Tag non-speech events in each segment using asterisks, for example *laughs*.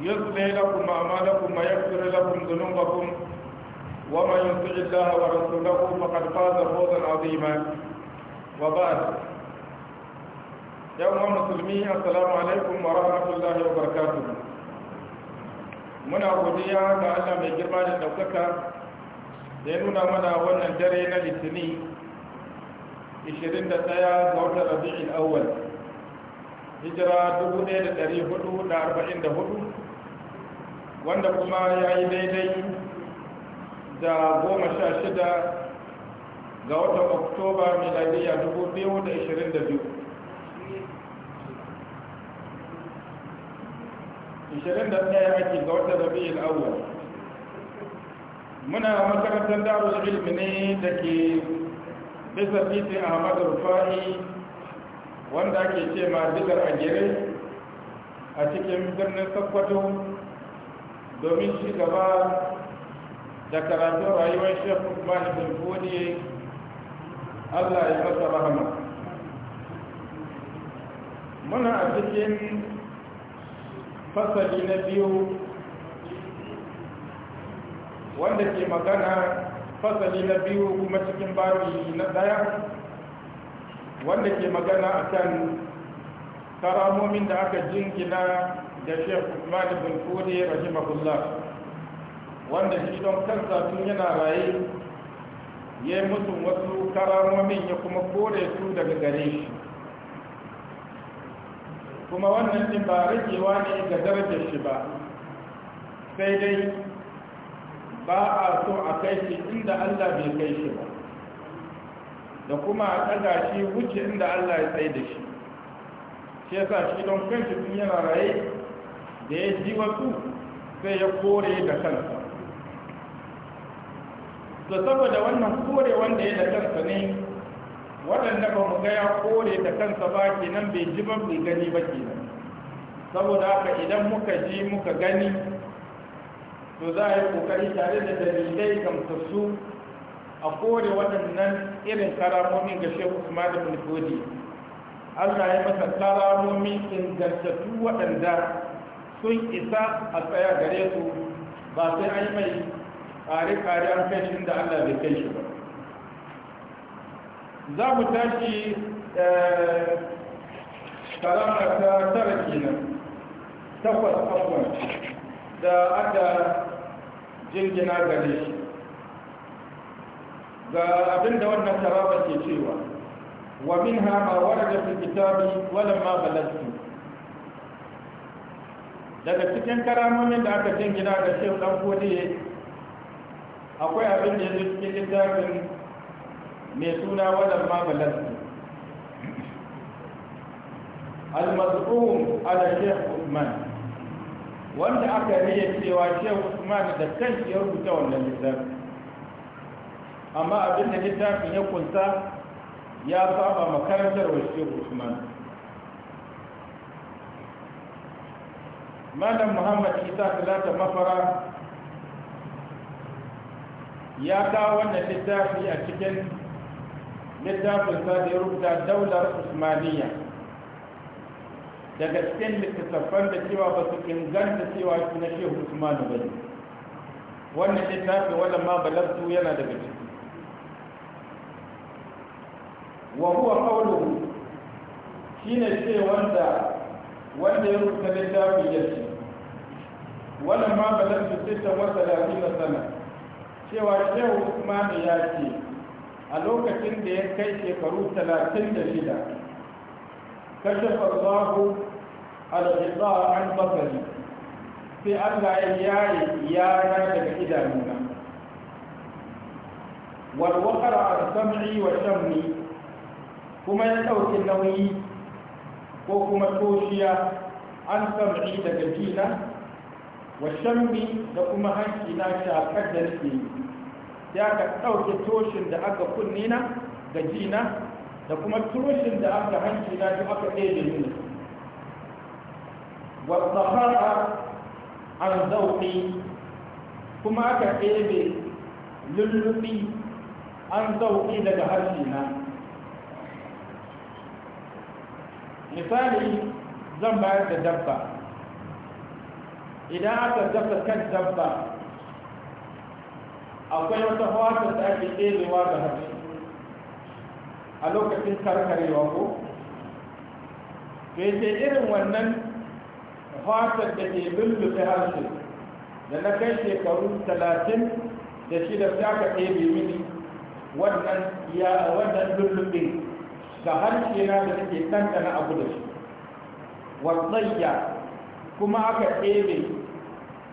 يصلح لكم أعمالكم ويغفر لكم ذنوبكم ومن يطع الله ورسوله فقد فاز فوزا عظيما وبعد يوم المسلمين السلام عليكم ورحمة الله وبركاته muna godiya ga Allah mai girma da ɗaukaka da ya nuna mana wannan dare na litini 21 ga watan rabi'in awwal hijira 1444 wanda kuma ya yi daidai da goma sha shida ga watan oktoba miladiya 2022 21 ake ga watan rabi'ul awwal muna makarantar darul ilmi ne da ke bisa titin ahmad rufa'i wanda ake ce ma digar a gere a cikin birnin sakkwato domin ci gaba da karatun rayuwar shek usman bin fodi allah ya masa rahama muna a cikin fasali na biyu wanda ke magana fasali na biyu kuma cikin babi na daya wanda ke magana akan karamomin da aka jingina da shek usman bin rahimahullah wanda shi don kansa tun yana raye ya yi mutu wasu karamomin ya kuma kore su daga gare shi kuma wannan ɗin ba ragewa ne ga darajar shi ba sai dai ba a so a kai shi inda allah bai kai shi ba da kuma a ɗaga shi wuce inda allah ya tsaye da shi shi yasa shi don kanshi tun yana raye da ya ji wasu sai ya kore da kansa da saboda wannan kore wanda ya da kansa ne waɗanda ba mu ga kore da kansa ba ke nan bai ji ba mai gani ba ke nan saboda haka idan muka ji muka gani to za a yi kokari tare da dalilai gamsassu a kore waɗannan irin karamomin ga shehu kuma da mulkodi Allah ya masa karamomin ingantattu waɗanda sun isa a tsaya gare su ba sai an yi mai ƙare-ƙare an kai shi da Allah bai kai shi ba za mu tashi eh, kalama ta tara kenan takwas abuwan da aka jirgina gare shi ga abinda wannan taraba ke cewa wa min hama wadda fi kitabi wadda ma balasta daga cikin karamomin da aka jingina ga shehu dan kodi akwai abin da ya cikin littafin mai suna wadar ma balasti al-mazlum ala shehu usman wanda aka riya cewa shehu usman da shi ya rubuta wannan littafin amma abin da littafin ya kunsa ya saba makarantar wa shehu usman malam muhammad isa talata mafara ya kawo wannan littafi a cikin littafinsa da ya rubuta daular usmaniya daga cikin littattafan da cewa ba su inganta cewa su na shehu usmanu ba ne wannan littafi wannan ma balabtu yana daga ciki wa huwa shi ne ce wanda wanda ya rubuta littafi ya ce wannan ma balan fi sittan sana cewa shehu usman ya ce a lokacin da ya kai shekaru talatin da shida kashafa allahu al-hidda an basari sai allah ya yaye yara daga idanuna والوقر على سمعي وشمي kuma ya ɗauki nauyi ko kuma toshiya an sam'i daga jina wa shammi da kuma hanki na shakar da nake yi ya ka ɗauke toshin da aka kunni na ga jina da kuma toshin da aka hanki na da aka ɗaya mini wa tsakara an zauɗi kuma aka ɗebe lullubi an zauɗi daga harshe na misali zan bayar da dabba idan aka dafa kan dabba akwai wata hawatar da ake ɗerewa da harshe a lokacin karkarewa ko sai irin wannan fatar da ke lullube harshe da na kai shekaru talatin da shida ta ka ɗebe mini wannan ya wannan lullube ga harshe na da take ɗanɗana abu da shi wasayya kuma aka ɗebe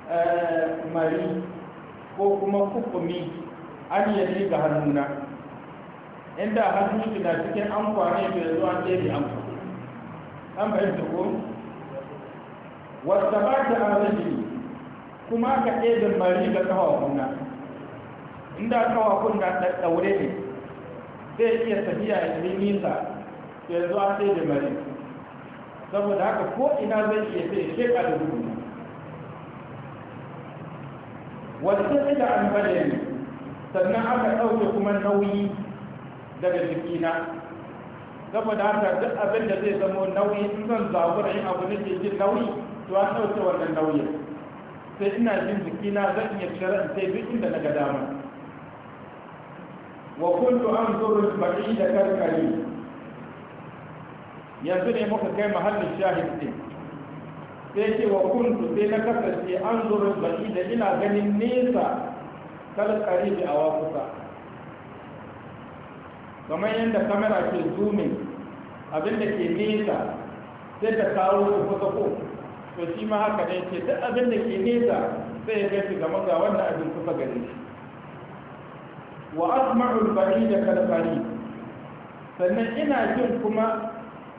Eh, mari ko kuma kukumi an yadi ga hannuna inda hannun shi na cikin an kwane da yanzu an ɗaya an kwane an bayan da ko wasu ba ta an kuma ka ɗaya mari ga kawakunna inda kawakunna ɗaɗɗaure ne zai iya tafiya ya yi nisa zo an ɗaya mari saboda haka ko ina zai iya sai shekaru da wasu da an sannan aka ɗauke kuma nauyi daga jikina saboda haka duk abin da zai zamo nauyi in zan zabura yin abu nake jin nauyi to an ɗauke wannan nauyin sai ina jin jikina zan iya cire in sai duk inda na ga dama wa kuntu anzuru al da karkari yanzu ne muka kai mahallin shahid din sai ce wa kuntu sai na kasance an zuru baki da ina ganin nesa kalkari da awa kusa kamar yadda kamera ke zoomin abinda ke nesa sai ta kawo su kusa ko to shi ma haka ne ce duk abinda ke nesa sai ya gaji game ga wanda abin kusa gare shi wa asma'ul bari da kalkari sannan ina jin kuma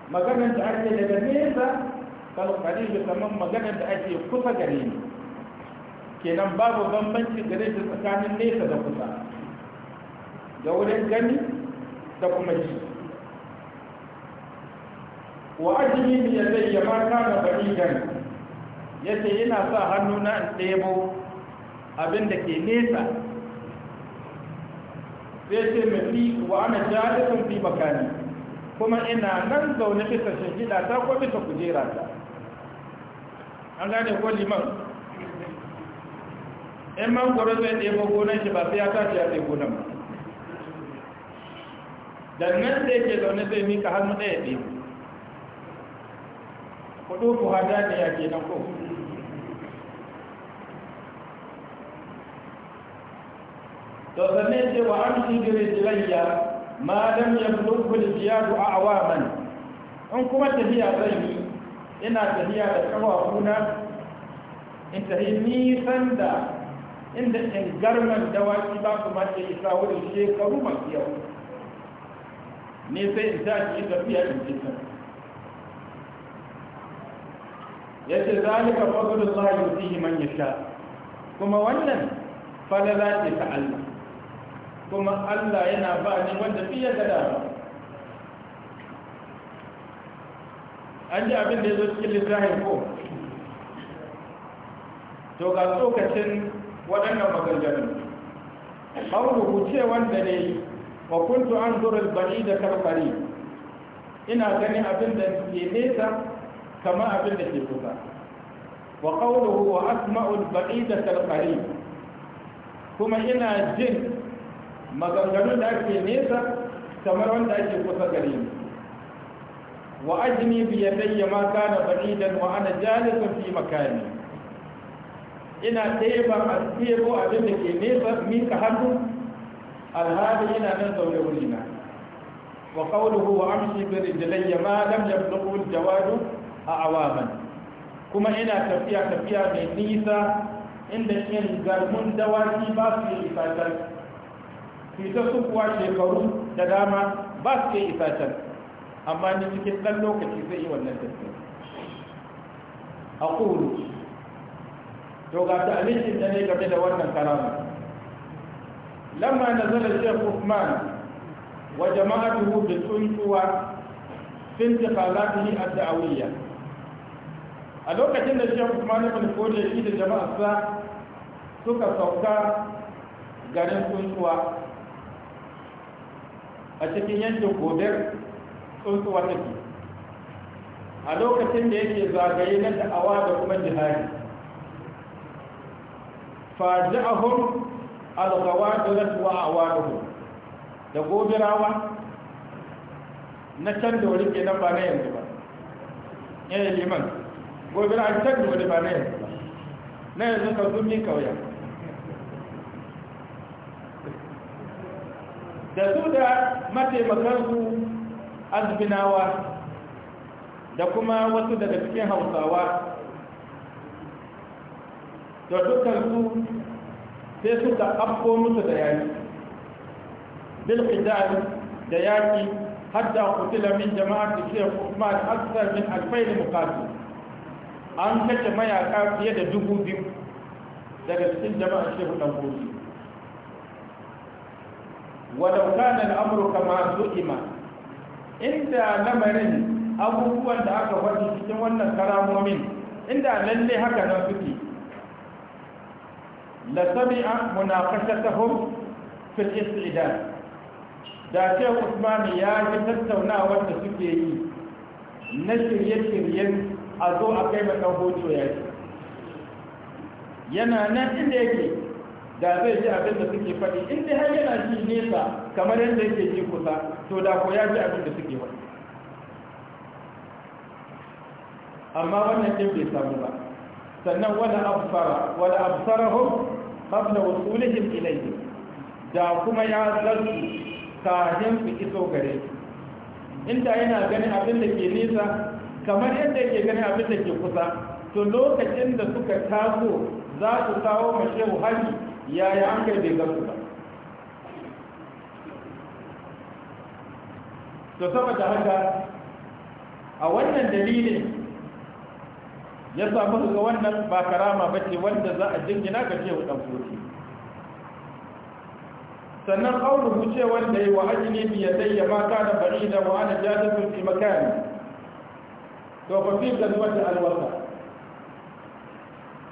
maganar da ake daga nesa kal da kamar magana da ake kusa gare ni kenan babu bambanci gare shi tsakanin nesa da kusa da wurin gani da kuma ji wa ajini bi yadayya ma kana Ya yace yana sa hannu na ɗebo abin da ke nesa sai ce mafi wa ana jalisun fi makani kuma ina nan zaune bisa shigida ta ko bisa kujera ta an gane ko liman in man be de ɗebo gona shi ba sai ya tashi gona dan nan de da don be mi ka hanu de hannu ɗaya do ko hada ne ya ke nan ko to ne ce wa an shi gire jilayya ma dam ya fito kulkiyar a awaman an kuma tafiya zai yi ina tafiya da kawafuna in tafi nisan da inda in garman dawaki ba su mace isa wurin shekaru masu yau ne sai in tashi yi tafiya in jisa ya ce zalika fadlul yi yutihi man ya sha. kuma wannan falala ce ta Allah kuma Allah yana ba ni wanda fiye da dama an ji abin da ya zo cikin littafin ko to ga tsokacin waɗannan maganganu ƙaunuhu ce wanda ne wa kuntu an zurar bari da karfari ina ganin abin da ke nesa kama abin da ke kusa wa ƙaunuhu wa asma'ul bari da karfari kuma ina jin maganganun da ake nesa kamar wanda ake kusa gari. ne وأجني بيدي ما كان بعيدا وأنا جالس في مكاني ina teba a tebo abin da ke nesa mika hannu alhali ina nan zaune wurina wa qawluhu wa amshi bi rijlayya ma lam yablughu al-jawadu a awaman kuma ina tafiya tafiya mai nisa inda in garmun dawaki ba su yi isatar fita su kuwa shekaru da dama ba su yi isatar amma ni cikin ɗan lokaci zai yi wannan tafiya a kuru to ga ta alishin da ne game da wannan karama lamma na zara shek usman wa jama'atuhu da tsuntuwa fin tafalatihi ad-da'awiyya a lokacin da shek usman ibn kodiya shi da jama'arsa suka sauka garin tsuntuwa a cikin yankin godar. wata take a lokacin da yake zagaye na da'awa da kuma jihari faji'ahum al-ghawadir a awaduhum da gobirawa na can da wuri nan ba na yanzu ba yi liman gobe na can da wuri ba na yanzu ba na yanzu ka zumi kawai da su da mataimakansu azbinawa da kuma wasu daga cikin hausawa da dukansu sai suka afko musu da yaki bilkidar da yaki hatta kutila min jama'ar da ke kuma aksar min alfaili mukatu an kace mayaka fiye da dubu biyu daga cikin jama'ar shehu dan kuri Wadauka kana al'amru kama zu'ima inda lamarin abubuwan da aka faɗi cikin wannan karamomin inda lalle haka na suke la sami'a fi al istidad da ce Usman ya ji tattaunawar da suke yi na shirye-shiryen a zo a kai mata hoto ya ce yana nan inda yake da zai ji abin da suke faɗi inda har yana ji nesa kamar yadda yake ji kusa to da ko ya ji abin da suke ba amma wannan ɗin bai samu ba sannan wala absara wala absarahum qabla wusulihim ilayhi da kuma ya zartu kafin su iso gare inda yana ganin abin da ke nisa kamar yadda yake ganin abin da ke kusa to lokacin da suka taso za su kawo mashehu hari yaya an kai bai gasu ba to saboda haka a wannan dalilin ya samu ga wannan ba karama ba ce wanda za a jingina ga shehu ɗan foti sannan auru ce wanda yi wa ajini biyadai ya ba da bari da wa ana jadatu fi makani to ba fi gazwat alwasa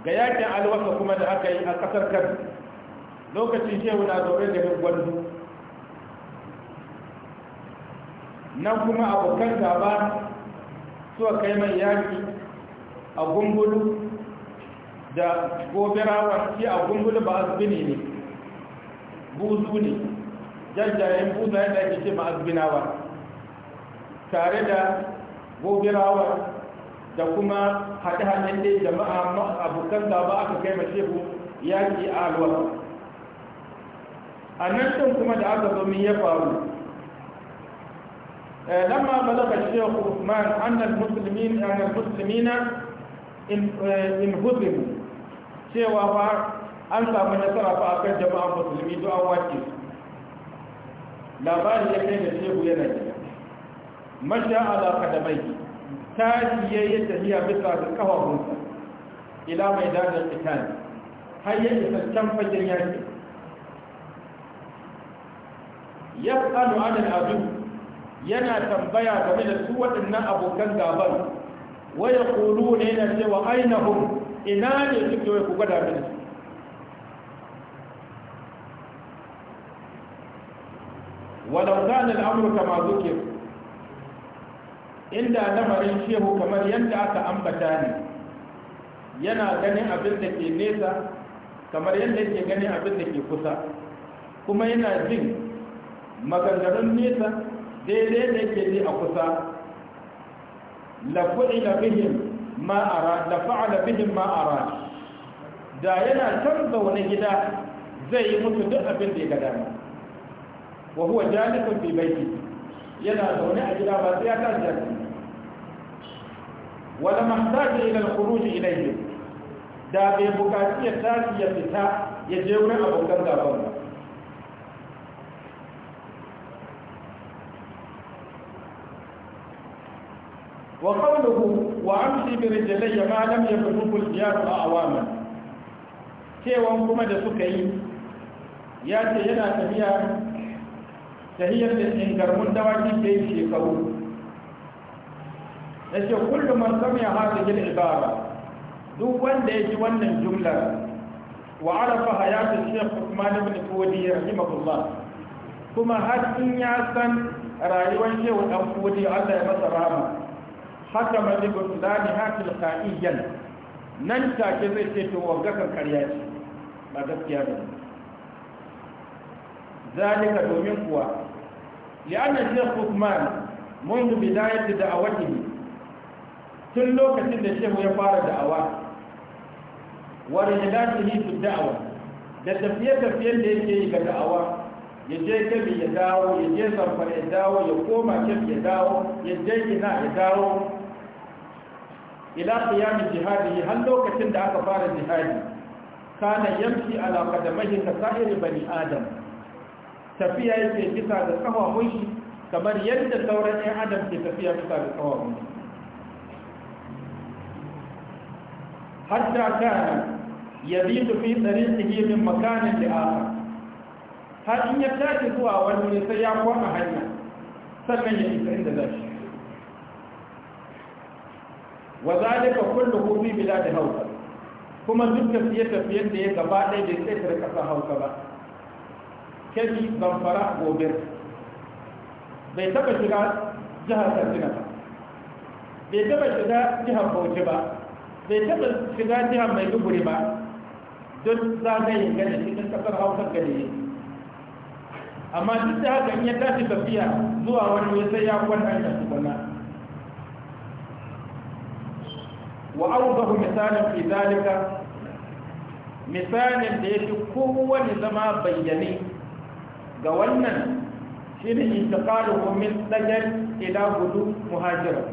ga yakin alwasa kuma da aka yi a kasar kan lokacin shehu na zaune da gwandu nan kuma abokan gaba suwa kai mai yaki a gungulu da gobirawa shi a gungulu ba azbini ne buzu ne jajjayen buzu yadda ake ce ma azbinawa tare da gobirawa da kuma haɗe-haɗen dai jama'a abokan gaba aka kai shehu yaki a alwala a nan ɗin kuma da aka zo min ya faru آه، لما بلغ الشيخ عثمان أن المسلمين أن المسلمين إن آه، هزموا سوى أنت من يسرى فأكل جماعة المسلمين دعوا واجب لا بال يكين الشيخ ينجي مشى على قدميه تاجي يتهيى بطرة الكهوة إلى ميدان القتال هيا يسر كم فجر يأتي يسأل عن الأبيض yana tambaya game da su waɗannan abokan gaban waya kulu ne yana cewa ainihin ina ne suke wai ku gwada mini walau zan al'amuru zuke inda lamarin shehu kamar yadda aka ambata ne yana ganin abin da ke nesa kamar yadda yake ganin abin da ke kusa kuma yana jin maganganun nesa daidai da yake ne a kusa la fu'ila bihim ma ara la fa'ala bihim ma ara da yana can zaune gida zai yi musu duk abin da ya ga dama wa huwa jalikun fi baiti yana zaune a gida ba sai ya tashi jami'i wala mahtaji ila al-khuruj ilayhi da bai bukaci ya tashi ya fita ya je wurin abokan gaban ba وقوله وأمشي برجلي ما لم يبلغه الجار أعواما cewan kuma da suka yi yace ce yana tafiya tahiyar da ingarmun dawaki ke yi shekaru ya ce kullum man sami a hajjigin duk wanda ya ji wannan jumlar wa arafa hayatun shekh usman ibn kudi rahimahullah kuma har in ya san a rayuwar shehu dan kudi Allah ya masa rahama haka mazi butulani hakil ka'iyyan nan ke zai ce to wanga kan karya ce ba gaskiya ba zalika domin kuwa li'anna shaykh Uthman منذ da دعوته tun lokacin da shehu ya fara da'awa wa rijlatihi fi da'wa da tafiye-tafiyen da yake yi ga da'awa ya je gabi ya dawo ya je zamfara ya dawo ya koma kif ya dawo ya je ina ya dawo ila qiyam jihadi har lokacin da aka fara jihadi kana yamshi ala qadamaihi ka sa'ir bani adam tafiya yake bisa da kafafun shi kamar yadda sauran ɗan adam ke tafiya bisa da kafafun shi hatta kana yabitu fi tariqihi min makanin li akhar har in ya tashi zuwa wani sai ya kwana hanya sannan ya isa inda zai wa zalika kulluhu fi bilad hausa kuma duk tafiye tafiyen da ya gaba ɗaya bai tsaitar kasa hausa ba ban fara gobe bai taɓa shiga jihar katsina ba bai taɓa shiga jihar bauchi ba bai taɓa shiga jihar maiduguri ba don zagayen gane cikin ƙasar hausa gane yake amma duk da haka in ya tashi tafiya zuwa wani sai ya kwan hanyar tukuna وأوضح مثال في ذلك مثال ليش كو زما بيني قولنا شين انتقاله من سجن إلى هدوء مهاجرة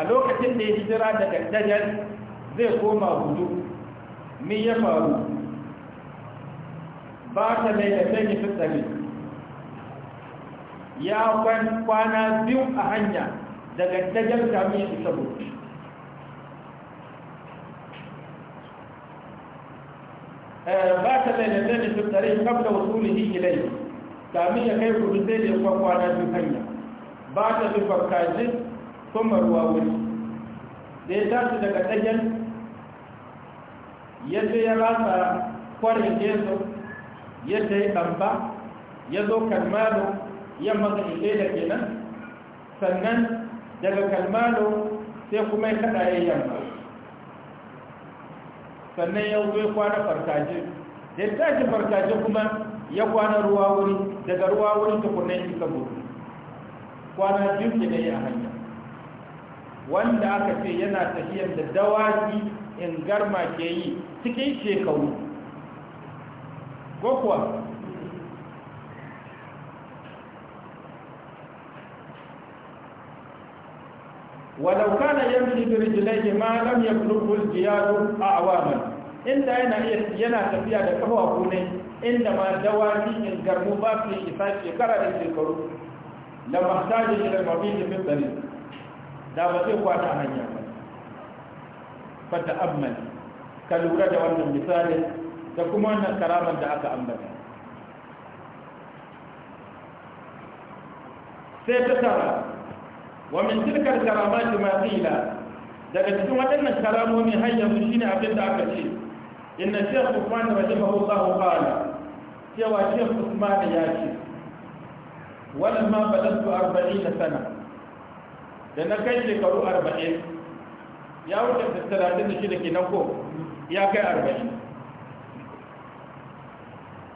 ألوك تندي هجرة دجل زي كوما هدوء مية فارو بعد ليلتين في الطريق ya kwana biyu a hanya daga dajar kamun ya isa Eh, ba ta lailatai da da tattare kabla wasulihi ilai kamin ya kai kudu sai da ya kwakwana biyu hanya ba ta fi fakajin kuma ruwa wuri da ya tashi daga ɗagen ya ce ya rasa kwarin jesu ya ta yi ɗamba ya zo kalmalo ya maza ile da kenan sannan daga kalmalo sai kuma ya kaɗa ya yi yamma sannan ya zo ya kwana farkaje da ya tashi farkaje kuma ya kwana ruwa wuri daga ruwa wuri ta kunnen shi ka gudu kwana biyu ke yi a hanya wanda aka ce yana tafiyar da dawaki in garma ke yi cikin shekaru ko kuwa walau kana yamshi bi rijlaihi ma lam yablughu al-jiyadu a'waman inda yana tafiya da kafafu ne inda ma dawaki in garmu ba su isa shekara da shekaru la mahtaji ila mabid min dalil da ba zai kwata hanya ba fa ta'ammal ka lura da wannan misalin da kuma wannan karaman da aka ambata sai ta tara wa min tilkar karamati ma qila daga cikin waɗannan karamomi har yanzu shine abin da aka ce inna shaykh Usman rahimahullahu qala cewa shaykh Usman ya ce wannan ma badatu 40 sana da na kai shekaru ya wuce da 36 kenan ko ya kai arba'in.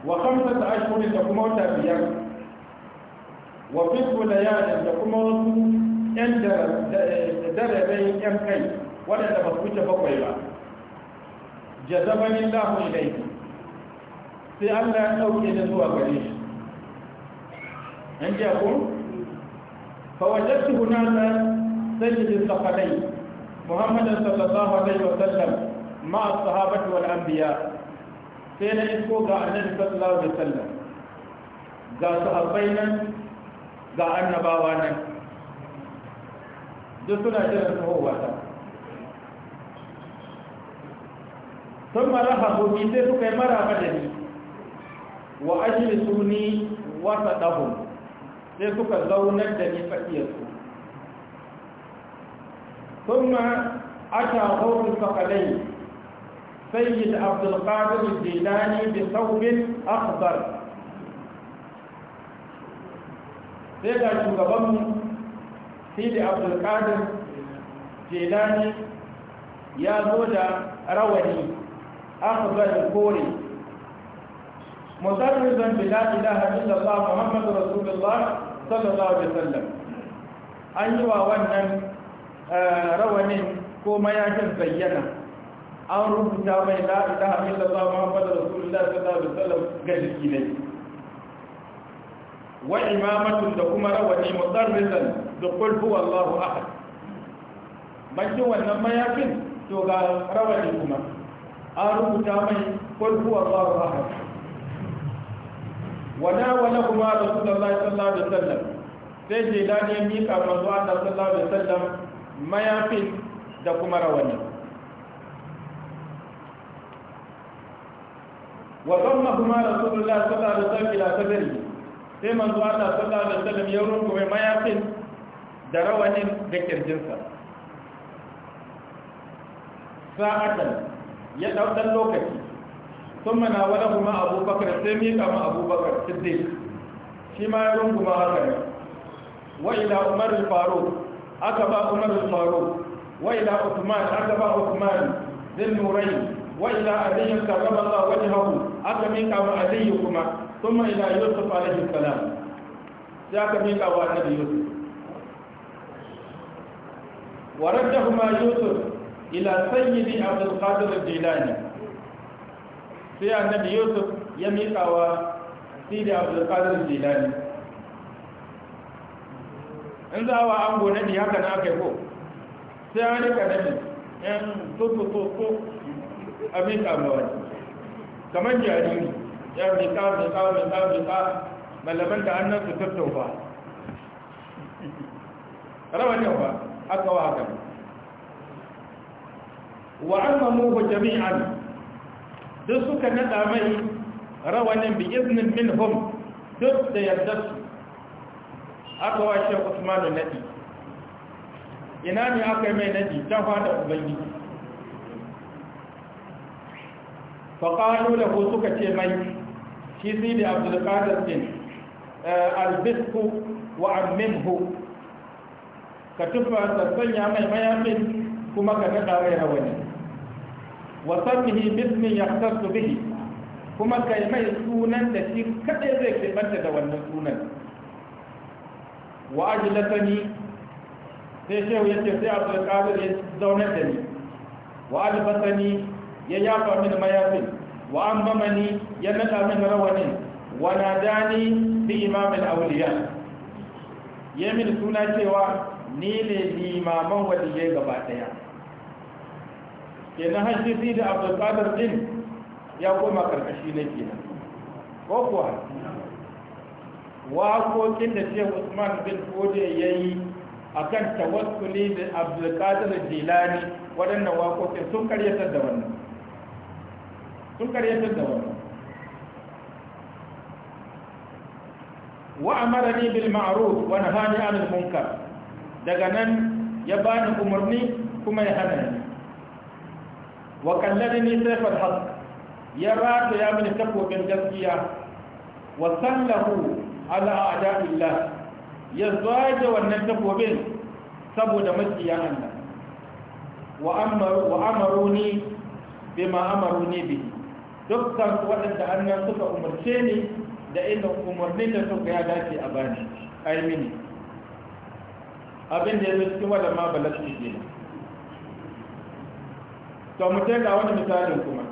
wa kamsa ta ashirin da kuma wata biyar wa fisko da yaran da kuma wasu 'yan yi 'yan kai waɗanda ba su wuce bakwai ba jazabanin lamun ilaihi sai allah ya ɗauke da zuwa gare shi an ji ako? fawajattu hunata sajidin safadai muhammadin sallallahu alaihi wasallam a sahabatu wal anbiya sai na isko ga annabi sallallahu alaihi wasallam ga sahabbai nan ga annabawa nan duk suna jiran tahowa ta sun mara haƙoƙi sai suka yi mara madani wa ajiyar su ni wasa ɗahun sai suka zaunar da ni tsakiyarsu sun ma aka horin sakalai sayyid abdulkadir jilani da saubin akhbar sai ga shugabanmu sidi abdulkadir jelani ya zo da rawani akhbar kore mutarrizan da ilaha ba muhammadu rasulullah sallallahu alaihi wasallam an yi wa wannan eh, rawanin ko mayakin bayyana an rubuta mai la ilaha illallah muhammadu rasulullah sallallahu alaihi wasallam ga jiki ne wa imamatun da kuma rawani mutsarrisan da kul huwa Allahu ahad bakin wannan mayafin, to ga rawani kuma an rubuta mai kul huwa Allahu ahad wana wana kuma da rasulullahi sallallahu alaihi Sallam sai jilani ya mika manzo Allah sallallahu alaihi Sallam mayafin da kuma rawani wa dhammahuma rasulullahi sallallahu alaihi wasallam ila sadrihi sai manzo Allah sallallahu alaihi wasallam ya rungume mayafin da rawanin da kirjinsa sa'atan ya dau dan lokaci thumma nawalahu ma Abu Bakar sai mi ma Abu Bakar shi ma ya runguma haka ne wa ila Umar al-Faruq aka ba Umar al-Faruq wa ila Uthman aka ba Uthman ذي النورين وإلى علي كرم الله وجهه أكمل ma ali kuma ثم إلى يوسف عليه السلام ذاك ميكا وأنبي يوسف وردهما يوسف إلى سيد عبد القادر الجيلاني في النبي يوسف يميكا وسيد عبد القادر الجيلاني in za wa an gona ne haka na aka yi ko sai an rika da ne yan tutu tutu abin kamawa kamar jariri yan rika rika rika rika malaman da annan su tattau ba rawanin ba aka wa haka wa ammamuhu jami'an duk suka nada mai rawanin bi iznin minhum duk da yardarsu aka wa shi usmanu nadi ina ne aka yi mai nadi can fada ubangiji faƙalu da ko suka ce mai shi sidi abdulkadir din eh, albisku wa amminhu ka tufa ta sanya mai mayafin kuma ka naɗa mai rawani wa sannihi bismin yahtasu bihi kuma kai mai sunan da shi kadai zai kimanta da wannan sunan wa ajlatani sai shehu yace sai abdulkadir ya zaunar da ni wa albatani ya yafa min mayafin wa ammamani ya nada min rawanin wa na ni bi imamin auliya ya min suna cewa ni ne limaman ya gaba daya hajji hajjisi da abdul din ya koma karkashi ke nan ko kuwa waƙoƙin da ce usman bin kode ya yi a kan tawaskuli da abdulkadir jilani waɗannan waƙoƙin sun karyatar da wannan sun karyatar da wannan wa amarani bil ma'ruf wani nahani 'anil daga nan ya bani umarni kuma ya hana ni wa kalladani sayfal haqq ya rata ya mini takobin gaskiya wa sallahu ala a'da'illah ya zaje wannan takobin saboda makiya Allah wa amaru wa amaruni bima ni bihi dukkan waɗanda annan suka umarce ni da inda umarnin da suka ya dace a bani ai mini abin da ya zo cikin wadda ma balasta ke nan to mu ga wani misalin kuma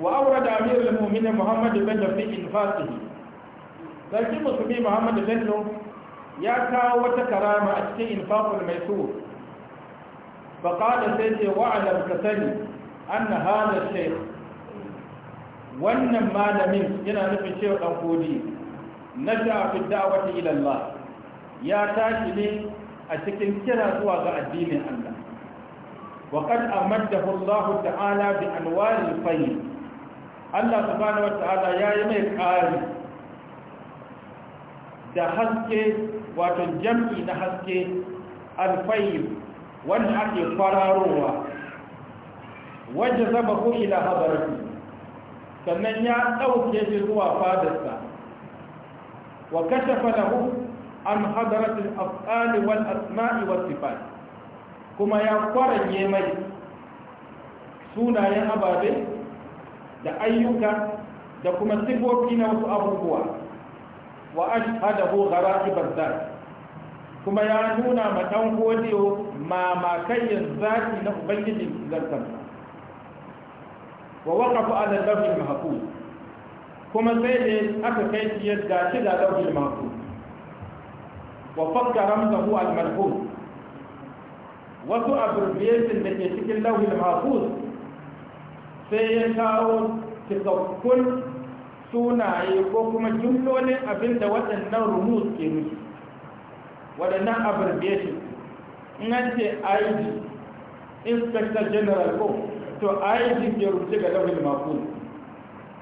wa aure da amirul mu'minin muhammad bin da in infasihi sarki musulmi muhammad bin ya kawo wata karama a cikin infaqul maisur fa qala sai ce wa'alam ka sani anna hada shaykh wannan malamin yana nufin shehu dan kodi nasha fi da'wati ila Allah ya tashi ne a cikin kira zuwa ga addinin Allah wa qad amadahu Allah ta'ala bi anwaril fayl Allah subhanahu wa ya yi mai ƙari da haske wato jam'i na haske alfayl wanda ake fararowa wajen zama ko ila habarati sannan ya ɗauke shi zuwa fadarsa wa kashafa lahu an hadaratul afqali wal asma'i was sifat kuma ya kwaranye mai sunayen ababe da ayyuka da kuma sifofi na wasu abubuwa wa ashhadahu gharaibaz zat kuma ya nuna ma kodiyo godiyo mamakayyin zati na ubangiji zartar wa waqafu ala al-lawh mahfuz kuma sai ne aka kai shi yadda shi da lawh al-mahfuz wa fakka hu al-malhuz wasu abbreviation da ke cikin lawh al-mahfuz sai ya kawo cikakkun sunaye ko kuma jumlolin abinda waɗannan rumus ke nufi waɗannan abbreviation in an ce IG inspector general ko to ayyukan ya rubuce ga lauhin maful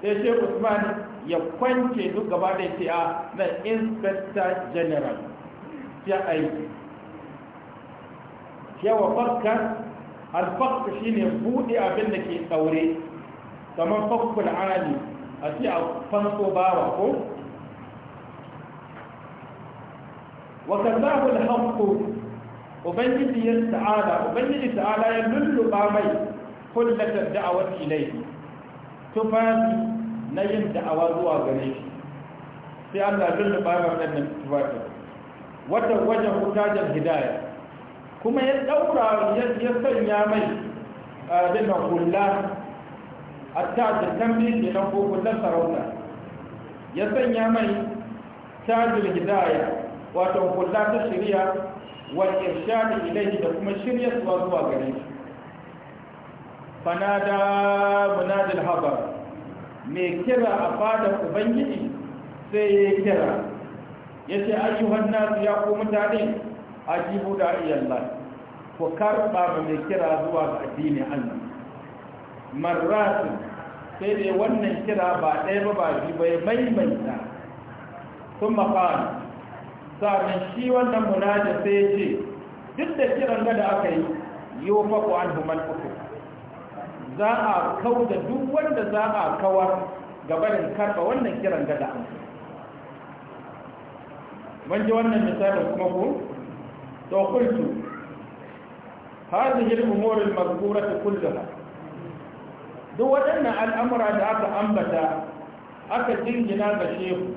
sai shi usman ya kwance duk gaba da ya na inspector general ya aiki yawa alfarka shi shine buɗe abin da ke saure, kamar fakkul ali a ce a fanko bawa ko وكذاب الحق ubangiji تعالى ya lullu ba mai kullatar da'awar ilai ilaihi tufafi na yin da'awa zuwa gare shi sai Allah lullu bayan wannan tufafi wata wajen hutajen hidaya kuma ya daura ya sanya mai dinna hula a tajin tambayin da nan ko kullan sarauta ya sanya mai tajin hidaya wato hula ta shirya wa irshadi ilaihi da kuma shirya zuwa zuwa gare shi fanada munadil habar mai kira a fadar ubangiji sai ya kira ya ce ayyuhan nasu ya ku mutane a jihu da iyalan ku karɓa mai kira zuwa ga addini allah marratin sai dai wannan kira ba ɗaya ba ba biyu bai maimaita sun mafana shi wannan munajin sai ya ce duk da kiran gada aka yi yi wa faku an human uku za a kau da duk wanda za a kawar gabanin karɓa wannan kiran gada. da'an ji wannan misalin kuma ku to kultu hadhihi al-umur al-mazkura kulluha duk waɗannan al'amura da aka ambata aka jingina ga shehu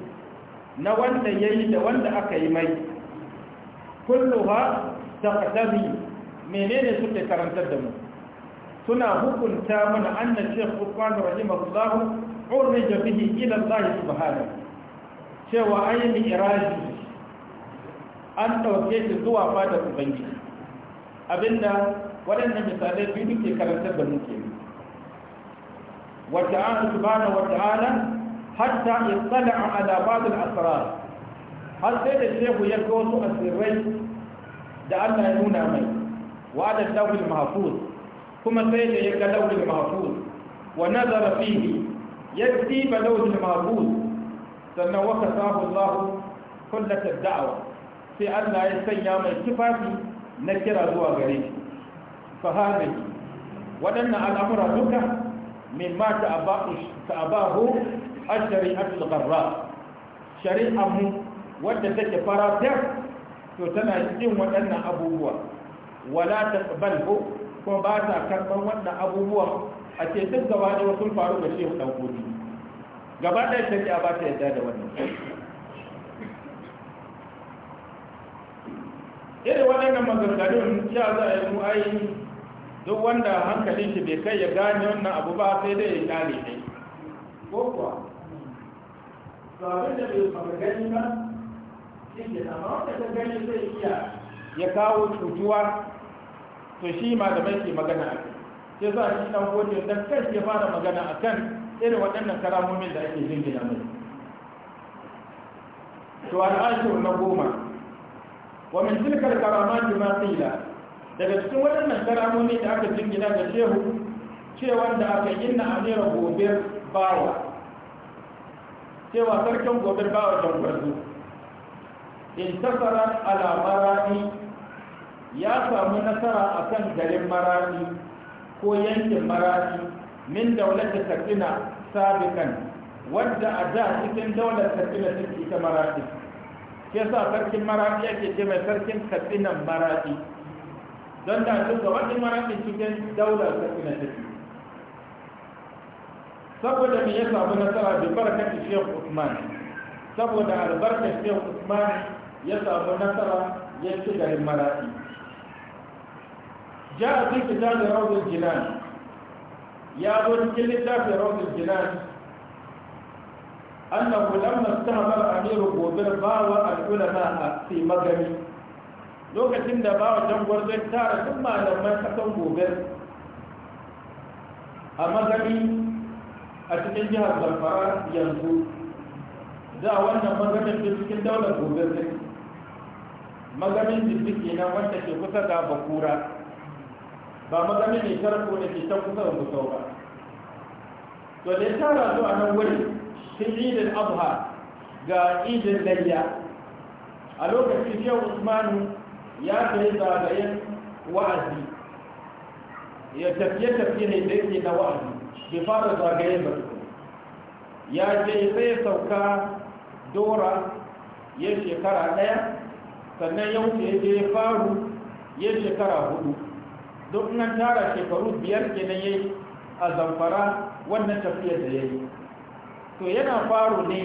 na wanda yayi da wanda aka yi mai kulluha taqtadi menene suke karantar da mu suna hukunta mana annan shekh usman rahimahullahu urrija bihi ila Allah subhanahu cewa ayi iraji an dauke shi zuwa fada ubangiji abinda waɗannan misalai biyu duke karantar da muke wa ta'ala subhanahu wata'ala hatta yattala'a ala ba'd al-asrar har sai da shehu ya ga wasu asirai da Allah ya nuna mai wa'ada tawil mahfuz ثم سيد إلى لون المحفوظ ونظر فيه يكفي بلوج المحفوظ سنة وكفاه الله كلة الدعوة في أن لا يستيام اتفاقي نكر أدوى غريب فهذه ولن الأمر ذكى مما تأباه, تأباه الشريعة الغراء شريعة مو وده تك فراتك تتنى يستيم ولن أبوه ولا تقبله ko ba ta karɓar wannan abubuwan a ce duk gaba ne wasu faru da shehu ɗan kodi gaba ɗaya ya ba ta yadda da wannan irin waɗannan maganganun ya za a yi mu ayi duk wanda hankalin shi bai kai ya gane wannan abu ba sai dai ya kyale dai ko kuwa sabon da bai maka gani ba shi ke amma wanda ta gani zai iya ya kawo cutuwa to shi malamai ke magana a kai sai za a shi dan gode da kai ke fara magana a kan irin waɗannan karamomin da ake jingina mai to al'ashir na goma wa min al karamat ma qila daga cikin waɗannan karamomin da aka jingina ga shehu cewa da aka inna amira gobir bawa cewa sarkin gobir bawa don gwarzo in tasara ala marani ya samu nasara a kan garin marani ko yankin marani min daular sakina sabikan wadda a da cikin daular sakina suke ita marani ke sa sarkin marani yake ce mai sarkin sakinan marani don da duka wadda marani cikin daular sakina suke saboda me ya samu nasara fara barakati Sheikh Usman saboda albarkar Sheikh Usman ya samu nasara ya ci garin Maradi جاء في كتاب روض الجنان يا ابن كل كتاب روض الجنان أنه لما استهمر أمير قوبر باوى العلماء في مغني lokacin da bawa jangwar zai tara duk malaman kasan gobe a magani a cikin jihar zamfara yanzu za wannan maganin da cikin gobe ne maganin jirgi kenan wanda ke kusa da bakura ba magana ne tarko da ke can kusa da musau ba to da ya tara zuwa nan wuri sun da abha ga idin layya a lokacin shehu usmanu ya kai zagayen wa'azi ya tafiye-tafiye ne da yake na wa'azi bai fara zagayen ba ya ce sai sauka dora ya shekara ɗaya sannan yau ce ya je faru ya shekara hudu duk nan tara shekaru biyar kenan yayi a zamfara wannan tafiyar da yayi to yana faro ne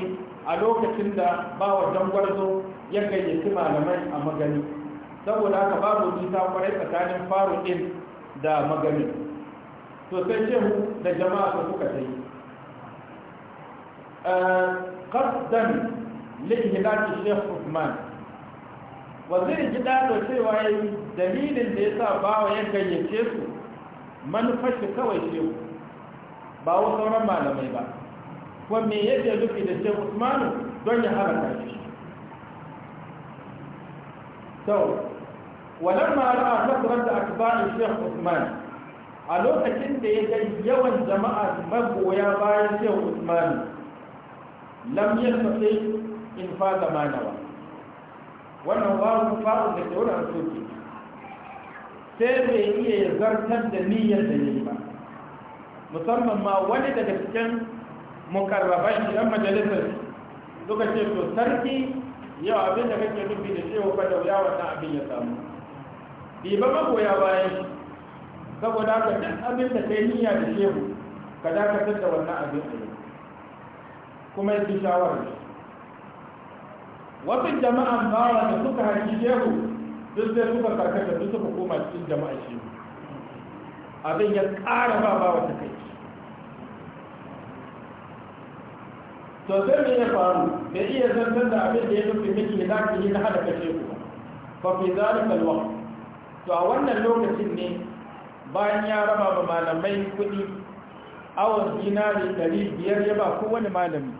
a lokacin da bawa dangwarzo ya gayyaci malamai a magani saboda haka babu nisa kwarai tsakanin faru ɗin da magani to sai mu da jama'a su suka ta yi eh, qasdan li ihlaki Usman wazirin gida da cewa ya yi dalilin da ya sa bawa ya gayyace su manufashi kawai shehu ba wa sauran malamai ba kuma me yake nufi da shehu usmanu don ya haraka shi sau walamma ra'a kasrar da akbarin shehu usman a lokacin da ya ga yawan jama'a magoya bayan shehu usman lam sai in fa zamanawa wannan wawun faru da ke wani soke sai bai iya ya zartar da niyyar da yi ba musamman ma wani daga cikin mukarraban yan majalisar suka ce to sarki yau abin da kake nufi da ce fa da wuya wannan abin ya samu bi ba magoya bayan saboda ka duk abin da kai niyya da shehu ka dakatar da wannan abin da kuma ya fi shawarar wasu jama'an bawa da suka hangi shehu duk sai suka karkata duk suka koma cikin jama'a shehu abin ya ƙara ba bawa ta kai to sai mai ya faru da iya zantar da abin da ya nufi miki za ki yi na hada kashe ku ba fi zalika kalwa. to a wannan lokacin ne bayan ya raba ba malamai kuɗi awon dinari 500 ya ba kowane malami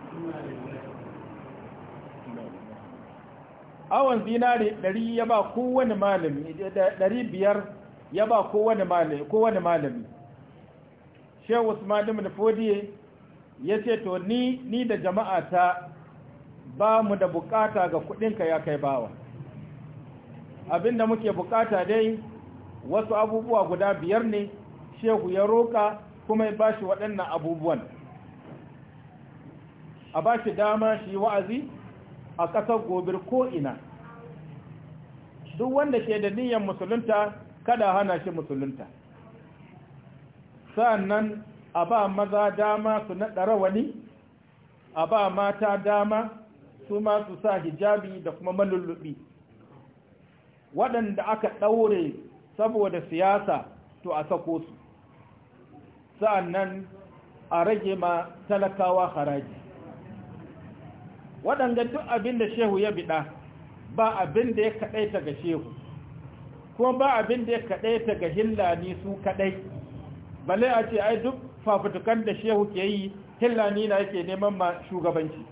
awon zinare 100 ya ba kowane malami 500 ya ba kowane malami kowane malami Shehu Usman ibn ya ce to ni ni da jama'a ta ba mu da bukata ga kudinka ya kai bawa abinda muke bukata dai wasu abubuwa guda biyar ne shehu ya roka kuma ya bashi waɗannan abubuwan a bashi dama shi wa'azi a ƙasar gobir ko'ina duk wanda ke da niyyar musulunta kada hana shi musulunta sa'annan a ba maza dama su naɗa rawani a ba mata dama su masu sa hijabi da kuma malulluɓi, waɗanda aka ɗaure saboda siyasa to a sako su nan a rage ma talakawa haraji waɗanda duk abin da shehu ya biɗa ba abin da ya kaɗai ga shehu kuma ba abin da ya kaɗai ga hillani su kaɗai balai a ce ai duk fafutukan da shehu ke yi hillani na yake neman ma shugabanci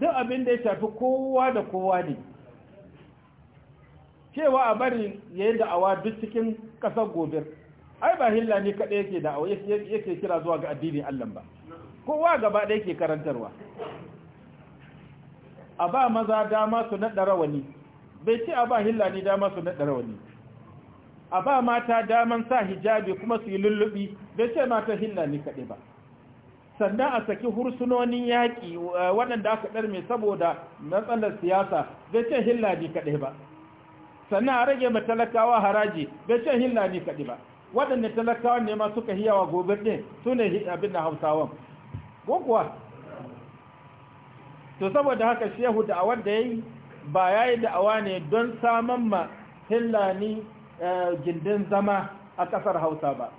duk abin da ya shafi kowa da kowa ne cewa a bari yayin da awa duk cikin ƙasar gobe, ai ba hillani kaɗai yake da yake kira zuwa ga addinin allah ba kowa gaba ɗaya ke karantarwa a ba maza dama su naɗa rawani bai ce a ba hillani dama su naɗa rawani a ba mata daman sa hijabi kuma su yi lullubi bai ce mata hillani kaɗai ba sannan a saki hursunonin yaƙi eh, waɗanda aka ɗarme saboda matsalar siyasa bai ce hillani kaɗai ba sannan a rage matalakawa haraji bai ce hillani kaɗai ba waɗanda talakawa ne ma suka hiyawa gobe ɗin su ne abin da hausawan gwagwa to saboda haka shehu da awan da yayi ba yayi da'awa ne don saman ma hillani eh, gindin zama a kasar Hausa ba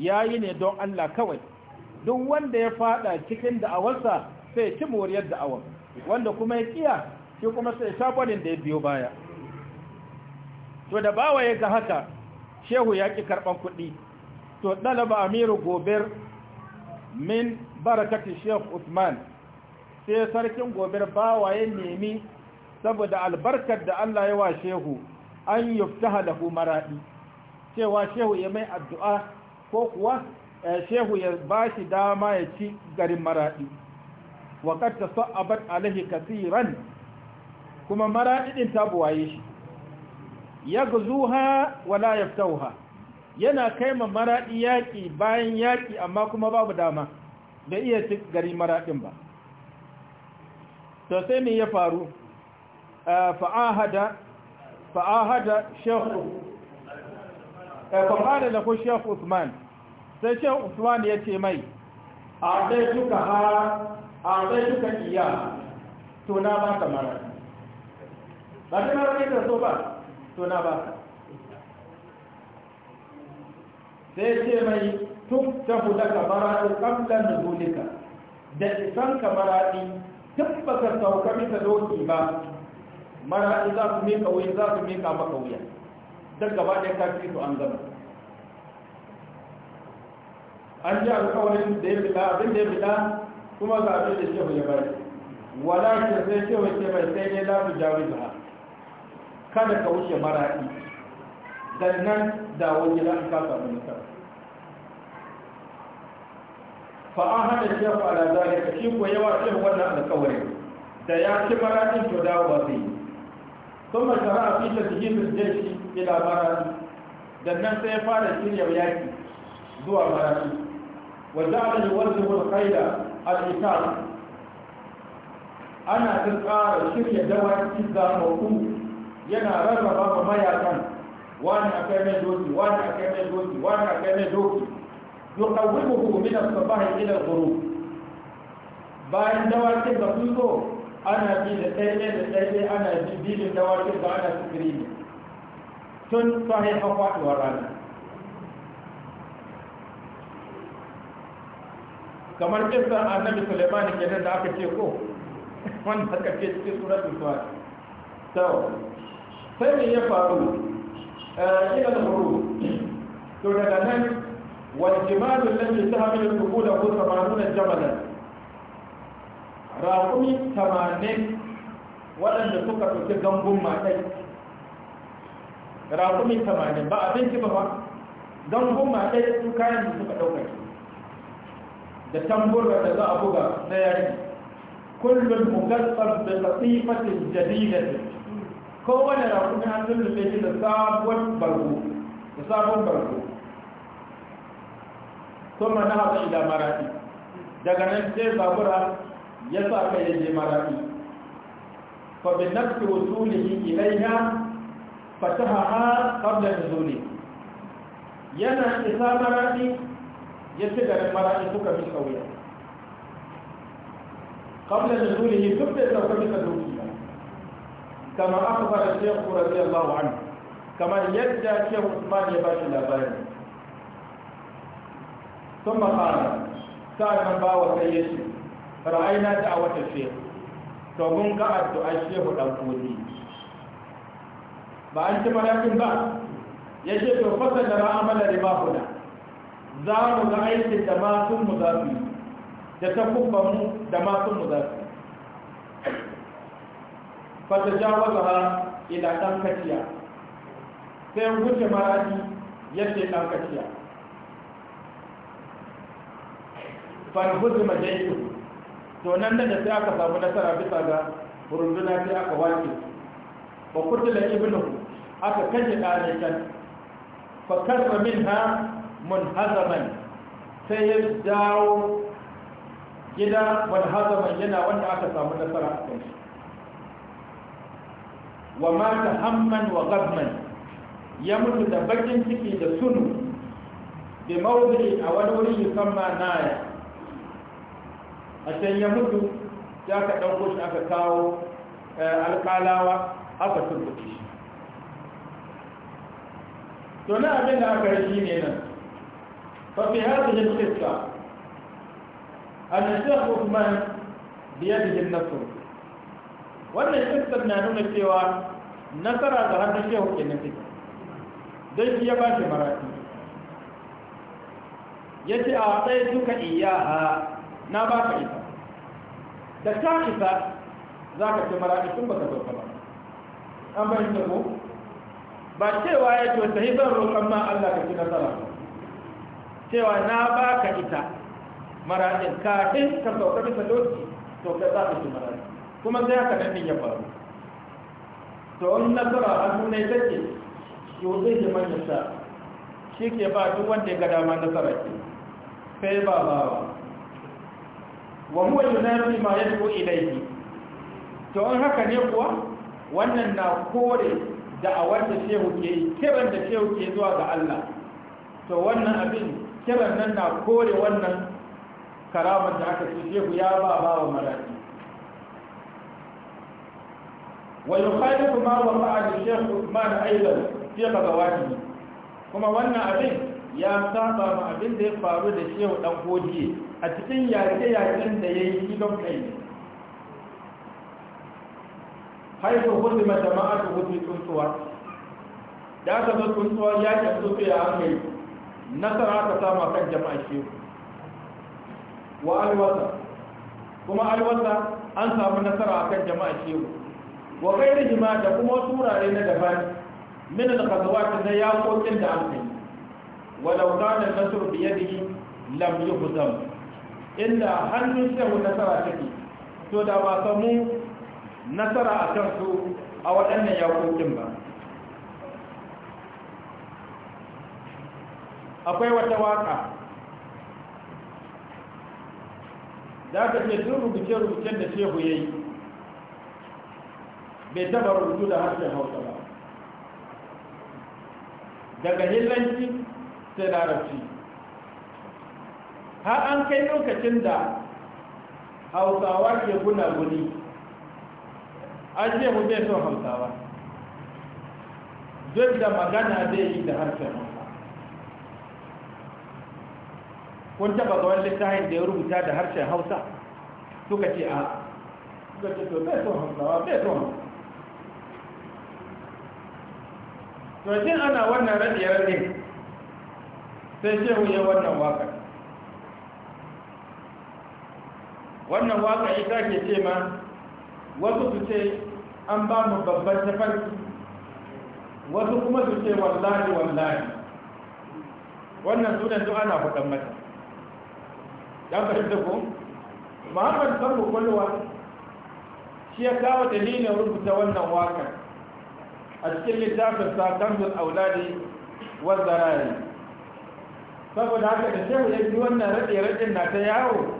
yayi ne don Allah kawai duk wanda ya fada cikin da'awarsa sai ci moriyar da'awar wanda kuma ya kiya shi kuma sai sabonin da ya biyo baya to da bawa ya ga haka shehu ya ki karban kuɗi to ɗalaba amiru gober min barakati shehu usman sai sarkin gobir wa ya nemi saboda albarkar da Allah ya wa shehu an da lahu maraɗi, cewa shehu ya mai addu'a ko kuwa eh, shehu ya ba shi dama ya ci garin maraɗi, maradi wa qad tasabbat Alahi kaseeran kuma maradin ta buwaye shi ha wala ya yaftauha yana kai ma maraɗi yaƙi bayan yaƙi amma kuma babu dama da iya ci garin maraɗin ba to sai me ya faru eh, fa'ahada fa'ahada shekhu eh, fa'ahada da ku shekhu usman sai shekhu usman ya ce mai a zai duka hara a zai duka iya tuna ba ka mara ba ta mara ne so ba tuna ba sai ce mai tun ta hula ka mara ƙamlan nuzulika da isan ka maraɗi duk ba ka sauka bisa doki ba in za su mika wuyi za su mika maka wuya don gaba ɗaya ka fi su an zama an ji alƙawarin da ya fita abin da ya fita kuma ga abin da shehu ya bari wala da sai shehu ce mai sai dai lafi jawi ba kada ka wuce mara'i dan nan da wani an ka samu nasara fa an hada shi ku ala zalika shi ko yawa shi wannan alƙawari da ya ci maratin to da wa zai kuma shara a fita shi ne da shi ila maratin dan nan sai fara shirya yaki zuwa maratin wa da'a ni wal zul qaida al ikal ana kan ƙara shirya dawaki da hukum yana rarraba ma mayakan wani akai mai doki wani akai mai doki wani akai mai doki yuqawwimuhu min as-sabahi ila al-ghurub bayan dawakin ba sun zo ana bi da tsaye da tsaye ana bi bilin dawakin ba ana sikiri tun sahi hafaduwar rana kamar kisan annabi suleiman nan da aka ce ko wanda aka ce cikin suratul fatiha so sai me ya faru ila al-ghurub to daga nan والجمال التي تحمل الركود له ثمانون جبلا raƙumi tamanin waɗanda suka ɗauki gangun matai raƙumi tamanin ba abinci ba ba gangun matai su kayan ɗauka da tamburra da za a buga na yaki kullum mugassar da tsatifatin jadidatin kowane raƙumi an zullufe shi da da sabon bargo kuma na haɗu ila maraɗi daga nan sai babura ya sa kai ya je maraɗi fa bi nafsi wusulihi ilayha fatahaha qabla nuzuli yana isa maraɗi ya ci garin maraɗi suka bi kauya qabla nuzulihi duk da sauka bisa dukiya kama akhbara shaykh radiyallahu anhu kamar yadda shaykh Usman ya bashi labarin ثم قال سأل باوة يشي رأينا دعوة ga تومن shehu الشيخ الأنفوذي ba an ci malakin ba ya ce to fasa da ra'amala riba kuna za mu ga aikin da masun mu za su da ta kubba mu da masun mu za su yi fasa jawaza ha ila ɗan kaciya sai wuce maradi ya ce ɗan kaciya farhuzu majaisu to nan da sai aka samu nasara bisa ga runduna sai aka wace ba kutula ibnu aka kashe ɗalikan fa karra minha munhazaman sai ya dawo gida munhazaman yana wanda aka samu nasara a kai wa mata hamman wa gabman ya mutu da bakin ciki da sunu bi mawdi a wani wuri yusamma naya a can ya mutu ya ka ɗauko shi aka kawo eh, alƙalawa aka turbuki shi to na abin da aka yi shi ne nan fafi har da jiska a nashiyar usman biya da nasu wannan jiskar na nuna cewa nasara da hannun shehu ke nufi don shi ya ba shi marafi ya ce a tsaye duka iya na ba ka ita da ta isa za ka ce mara'ikun ba ka sauka ba an bai ta ko ba cewa ya ce wata hibar roƙon ma Allah ka ci nasara cewa na ba ka ita mara'in kafin ka sauka bisa doki to ka za ka ci mara'in kuma sai haka nan ya faru to wani nasara a nuna ita ce yau zai ji manyan shi ke ba duk wanda ya ga dama nasara ke kai ba bawa wa huwa yunafi ma yad'u ilayhi to an haka ne kuwa wannan na kore da'awar da shehu ke yi kiran da shehu ke zuwa ga Allah to wannan abin kiran nan na kore wannan karamar da aka ce shehu ya ba ba wa maraki wa yukhalifu ma wafa'a shehu ma da aidan fi qadawatihi kuma wannan abin ya saba ma abin da ya faru da shehu dan godiye a cikin yaƙe-yaƙen da ya yi don kai haifu hudu mai jama'a ta hudu tuntuwa da aka zo tuntuwa yaƙin sofiya a kai nasara ta sama kan jama'a shi wa alwasa kuma alwasa an samu nasara a kan jama'a shehu wa gairi jima da kuma wasu wurare na daban min al-qazawat na yakokin da an kai walau kana nasr bi yadihi lam yuhzam inda hannun shehu nasara take to da ba samu nasara a kansu a waɗannan yakokin ba akwai wata waka za ka ce tun rubuce-rubucen da shehu ya yi bai taba rubutu da harshen hausa ba daga hillanci sai larabci har an kai lokacin da hausawa ke guna-guni an ce mu bai son hausawa duk da magana zai yi da harshen hausa kun taba ga wani littafin da ya rubuta da harshen hausa suka ce a suka ce to bai son hausawa bai son hausa to jin ana wannan radiyar ne sai mu yi wannan waka wannan waka ita ke ce ma wasu su ce an ba mu babban tafarki wasu kuma su ce wallahi wallahi wannan sunan su ana faɗan mata ya da ku muhammadu san bukwalwa shi ya kawo dalilin rubuta wannan wakar a cikin littafin sakamdun auladi wanzarari saboda haka da shehu ya ji wannan raɗe raɗe na ta yawo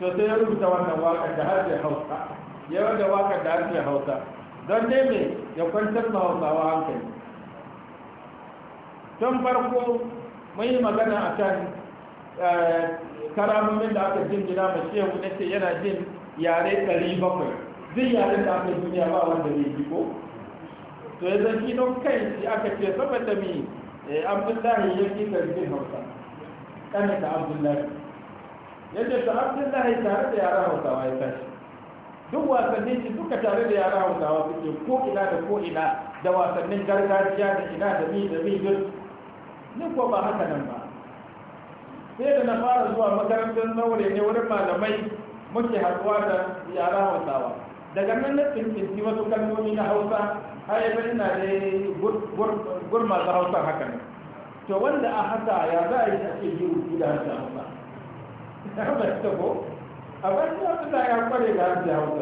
to sai ya rubuta wannan waƙar da harshen hausa ya wanda waƙar da harshen hausa don dai me ya kwantar da hausawa hankali tun farko mun yi magana a kan eh, karamomin da aka jin gida mai shehu na ce yana jin yare 700 zai yare da aka duniya ba wanda bai ji ko to ya zan don kai shi aka ce saboda mi eh, abdullahi ya fi karfin hausa ɗanin da abdullahi yadda ta abdullahi tare da yara hausawa ya tashi duk wasannin shi duka tare da yara hausawa suke ko ina da ko ina da wasannin gargajiya da ina da mi da mi duk ni ko ba haka nan ba sai da na fara zuwa makarantar zaure ne wurin malamai muke haɗuwa da yara hausawa daga nan na tsinkinti wasu kalmomi na hausa har yi ina da gurma da hausa haka ne to wanda a haka ya za a yi ake yi da hausa na halatta ko a bayan abdullahi ya kware da harshe hausa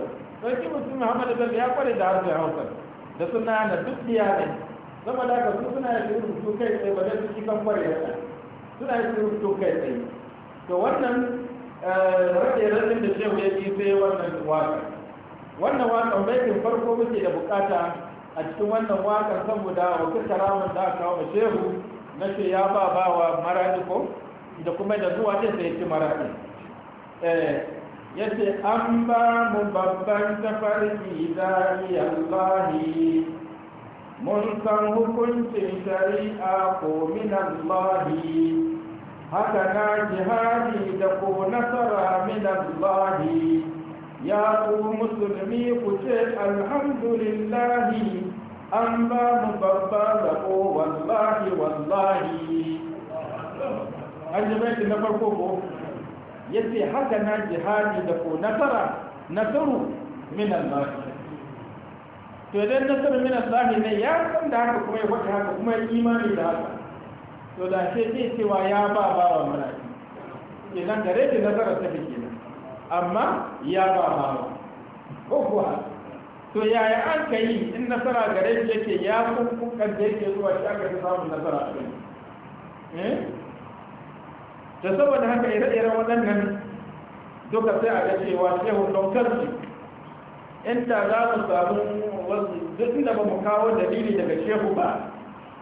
ya da hausa da suna na duk diya zama da su suna yin rubutu kai tsaye ba su cikin kware da suna yin rubutu kai tsaye to wannan eh, rage rajin da shehu ya ji sai wannan waka wannan waka baikin farko muke da bukata a cikin wannan wakan saboda wakil karamin da aka kawo shehu na ce ya ba bawa maradi ko da kuma da zuwa din sai mara maraɗi eh, ya ce an ba mu babban tafarki zari allahi mun san hukuncin shari'a ko min allahi haka na jihadi da ko nasara minan lahi ya ku musulmi ku ce alhamdulillahi an ba mu babban rabo wallahi wallahi har na farko ko yace haka na jihadi da ko nasara nasaru min Allah to idan nasaru min Allah ne ya san da haka kuma ya wata haka kuma ya imani da haka to da ce zai cewa ya ba ba wa malaki idan da da nasara ta fike amma ya ba ba ko kuwa to yaya an ka yi in nasara gare shi yake ya kun kun kan da yake zuwa shi aka samun nasara a kai eh? da saboda haka ire-iren waɗannan duka sai a ga cewa shehu ɗaukar In inda za mu samu wasu duk da ba mu kawo dalili daga shehu ba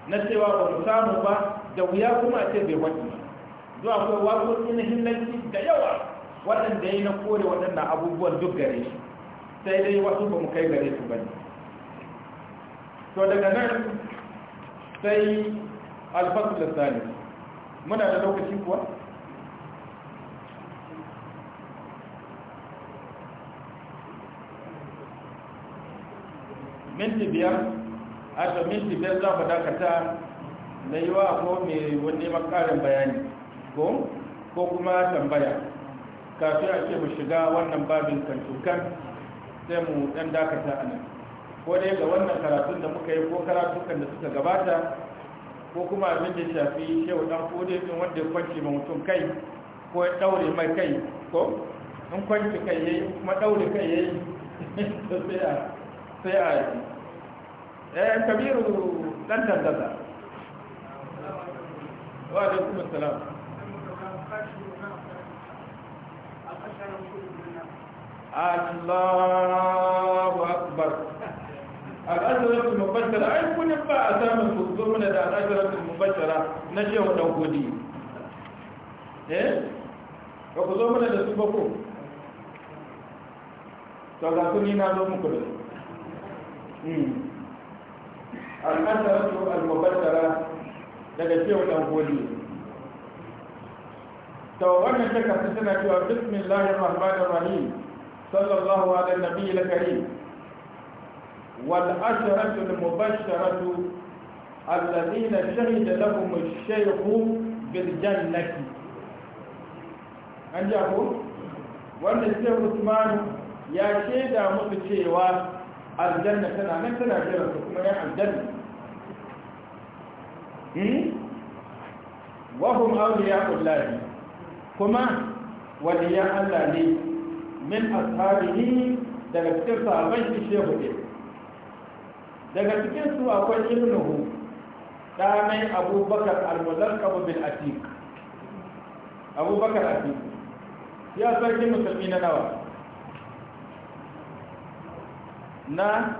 na cewa ba mu samu ba da wuya kuma a ce bai wani ba zuwa akwai wasu na hillanci da yawa waɗanda ya yi na kore waɗannan abubuwan duk gare shi sai dai wasu ba mu kai gare su ba to daga nan sai da sani muna da lokaci kuwa minti biyar a to minti biyar za ku dakata na yi wa ko mai wani makarin bayani ko ko kuma tambaya kafin a ce mu shiga wannan babin kantukan sai mu dan dakata a nan ko dai ga wannan karatun da muka yi ko karatukan da suka gabata ko kuma abin da shafi shehu dan kode din wanda ya kwanci ma mutum kai ko ya daure mai kai ko in kwanci kai yayi kuma daure kai yayi *laughs* to sai a sai a yi eh kabiru ɗan tantata wa kuma salam Allahu akbar al'adaratu mubashara ai kuni ba a samun su mana da al'adaratu mubashara na shehu dan godi eh ba ku zo mana da su ba ko to ga ni na zo muku da su Hmm. al'asaratu al-mubassara daga cewa dan holi to wannan ta kasu tana cewa bismillahir rahmanir rahim sallallahu ala nabiyil karim wal asharatu al-mubasharatu alladhina shahida lahum ash-shaykh bil jannati an ji ko wannan sai Usman ya shaida musu cewa aljanna tana nan tana jira su kuma ya aljanna hmm? wahum awliya ullahi kuma waliyan Allah ne min ashabihi daga cikin sahabbai shi shehu ne daga cikin su akwai ibnuhu ɗanai abubakar al-muzarkabu bin atik abubakar Atiq, ya sarki musulmi na nawa na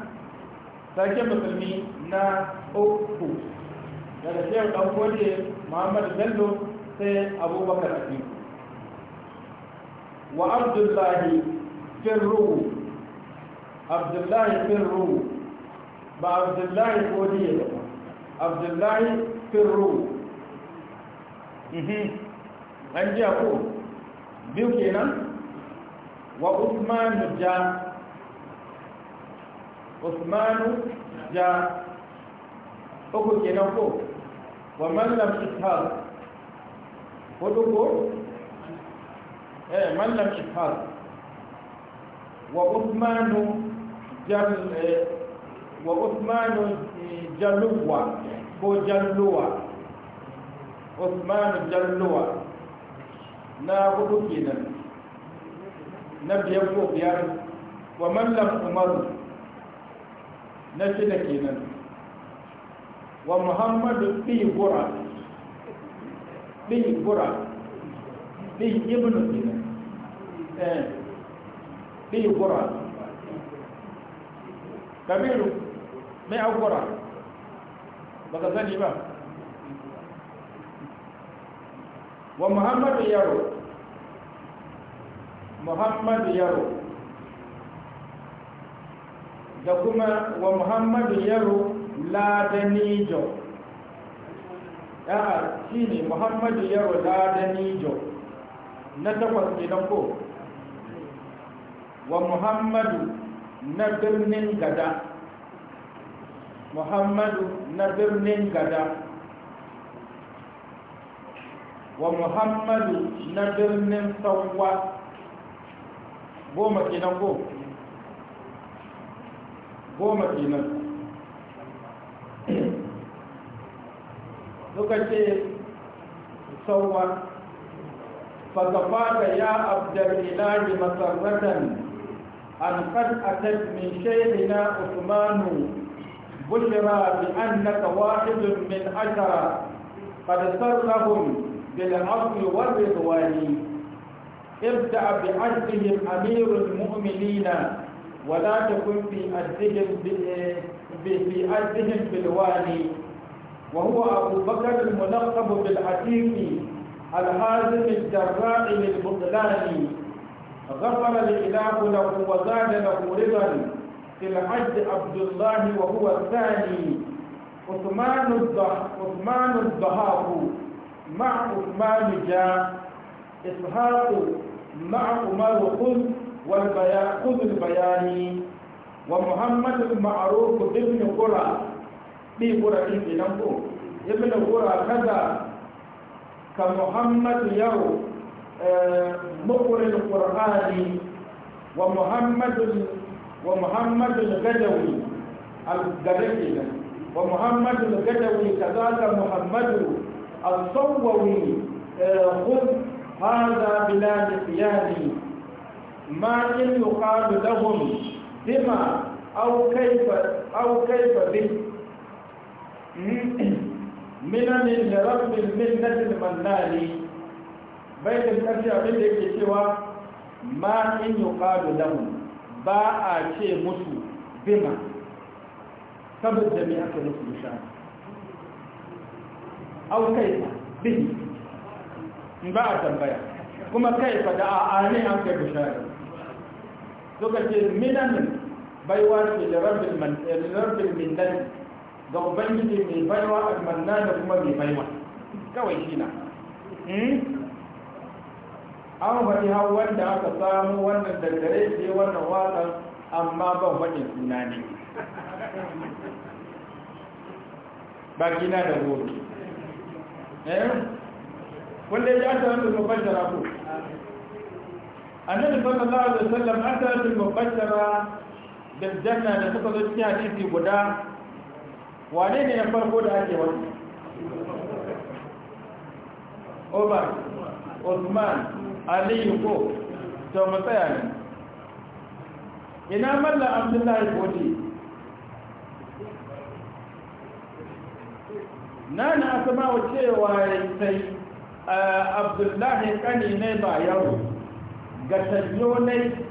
sake musulmi na uku daga shehu dan gode muhammad bello sai abubakar atiku wa abdullahi firru abdullahi firru ba abdullahi godiye ba abdullahi firru mhm. an jiya ko biyu kenan wa usman ja Osmanu da uku kenan ko wa mallam ishaq hudu ko eh mallam ishaq wa Osmanu jal eh, wa usmanu eh, jaluwa ko jalluwa Osmanu jalluwa na hudu kenan na biyar ko biyar wa mallam umaru na shida kenan wa muhammadu bi bura bi bura bi ibnu kenan eh bi bura kabiru mai agura ba ka sani ba wa muhammadu yaro muhammadu yaro da kuma wa muhammadu yaro ladanijo ya'a shi ne muhammadu yaro ladanijo na takwas kenan ko wa muhammadu na birnin gada muhammadu na birnin gada wa muhammadu na birnin sauwa goma kenan ko goma kenan suka ce sauwa fasafata ya abdar ilahi masarratan an kan atat min shaidina usmanu بشرى بأنك واحد من عشرة قد سر لهم بالعفو والرضوان ابدأ بعزهم أمير المؤمنين ولا تكن في أذهم بالوالي وهو أبو بكر الملقب بالعتيق الحازم الجراء للبطلان غفر الإله له وزاد له رضا في العجز عبد الله وهو الثاني عثمان عثمان الضحاك مع عثمان جاء إسحاق مع عمر خلف والبيان البيان ومحمد المعروف ابن قرى بي قرى ابن ابن قرى كذا كمحمد يو آه، مقر القرآن ومحمد ومحمد الغدوي الغدوي ومحمد الغدوي كذلك محمد الصووي آه، خذ هذا بلاد قيادي ma in yuqalu lahum bima aw kayfa aw kayfa bi minan li rabbil minnati al-mannani baitin karshe abin da yake cewa ma in yuqalu lahum ba a ce musu bima saboda me aka nufi bisha aw kayfa bi ba a tambaya kuma kaifa da a'a ne an kai bishara lokacin minan baiwa ce da rabin eh, minnan ga ubangiji mai baiwa almanna da kuma mai baiwa kawai shi na hmm? an bari ha wanda aka samu wannan daggare ce wannan wasan amma ban faɗin suna ne ba na da gobe eh wanda ya ta an sanar da ku annabi sallallahu alaihi wasallam an ta bil mubashara bil janna da suka zo cikin hadisi guda wane ne na farko da ake wani Umar Usman Ali ko to mu ne ina malla Abdullahi Bodi na asma wa cewa sai ah, Abdullahi kani ne ba yaro ga tanyonai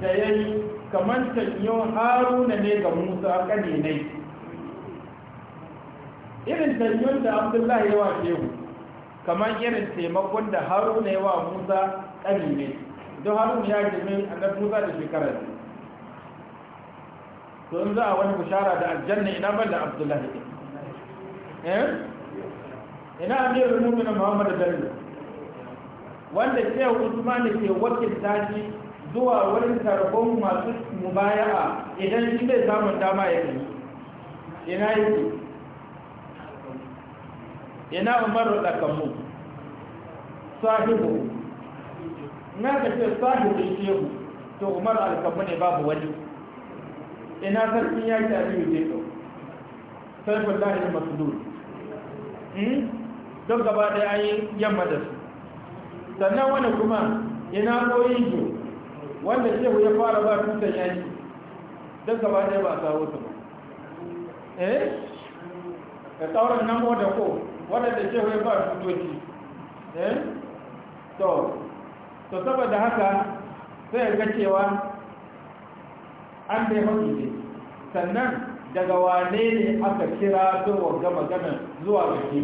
da ya yi kamar tanyon haruna ne ga musa kaninai irin tanyon da abdullahi yawa shehu kamar irin taimakon da haruna yawa musa ne don haruna ya girme annabi musa da shekarar to in za a wani bishara da aljanna ina ban da abdullahi eh? ina amirul mu'minin muhammadu bello wanda shehu usman ke wakilta shi zuwa wurin tarbon masu mubaya'a idan shi bai samun dama ya kai ina yake ina umaru dakamu sahibu na ga ce sahibu shehu to umaru alkamu ne babu wani ina sarkin yaki a biyu teku sarfin lahirin masu hmm? dole Don gaba da an yi yamma da su sannan wani kuma ina koyin jo wanda shehu ya fara ba tutar yaki don gaba ɗaya ba kawo wuta ba eh da tsauran nan da ko waɗanda shehu ya ba tutoci eh to to saboda haka sai ga cewa an bai haƙi ne sannan daga wane ne aka kira zuwa gama magana zuwa ga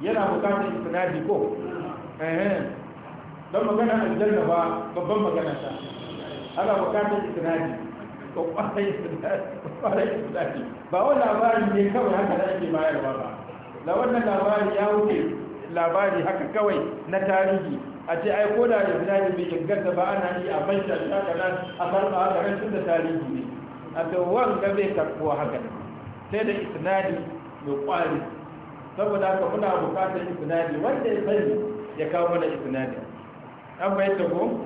yana bukatar isnadi ko Eh, don magana aljanna ba babban magana ta ana bukatar isnadi ko kwarai isnadi ba wani labari ne kawai haka da ake bayarwa ba da wannan labari ya wuce labari haka kawai na tarihi a ce ai koda da isnadi mai inganta ba ana yi a bai da shakanan a karɓa haka rashin da tarihi ne a to wanga bai karɓuwa haka sai da isnadi mai kwari saboda haka muna bukatar isnadi wanda ya sani ya kawo mana isnadi an bayyana ko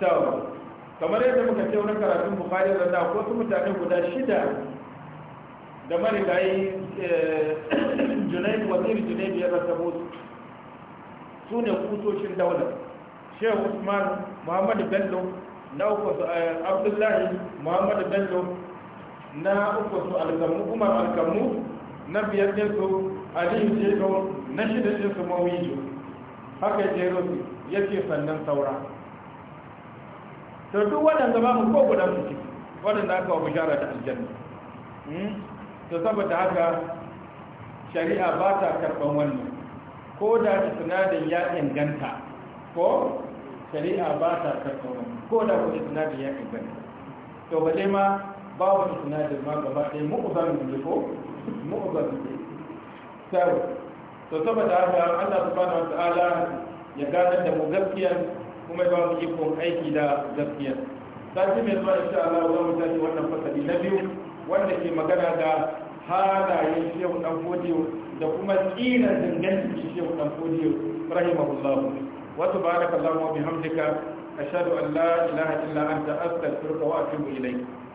tawa kamar yadda muka ce wannan karatun bukari da na ko su mutane guda shida da marigayi eh, *clears throat* junaid waziri junaid ya rasa musu su ne kusoshin shehu usman muhammadu bello na uku su eh, abdullahi muhammadu bello na uku su alkamu umar alkamu na biyar ɗinsu aliyu jego na shida ɗinsu mawijo haka ya jero su ya ce sannan saura to duk waɗanda ba mu ko guda su ciki waɗanda aka wa bishara da aljanna hmm? to saboda haka shari'a ba ta karɓar wannan ko da sinadin ya inganta ko shari'a ba ta karɓar wannan ko da ta sinadin ya inganta to ba ma ba wani sinadin ma gaba ɗaya mu'ubar ne ko mu'ubar ne sau to saboda haka Allah subhanahu wataala ya gane da mu gaskiya kuma ya ba mu ikon aiki da gaskiya sati mai zuwa insha Allah za mu wannan fasali na biyu wanda ke magana da halayen shehu dan fodiyo da kuma tsinan dangantakin shehu dan fodiyo rahimahullah wa subhanakallahu wa bihamdika ashhadu an la ilaha illa anta astaghfiruka wa atubu ilayk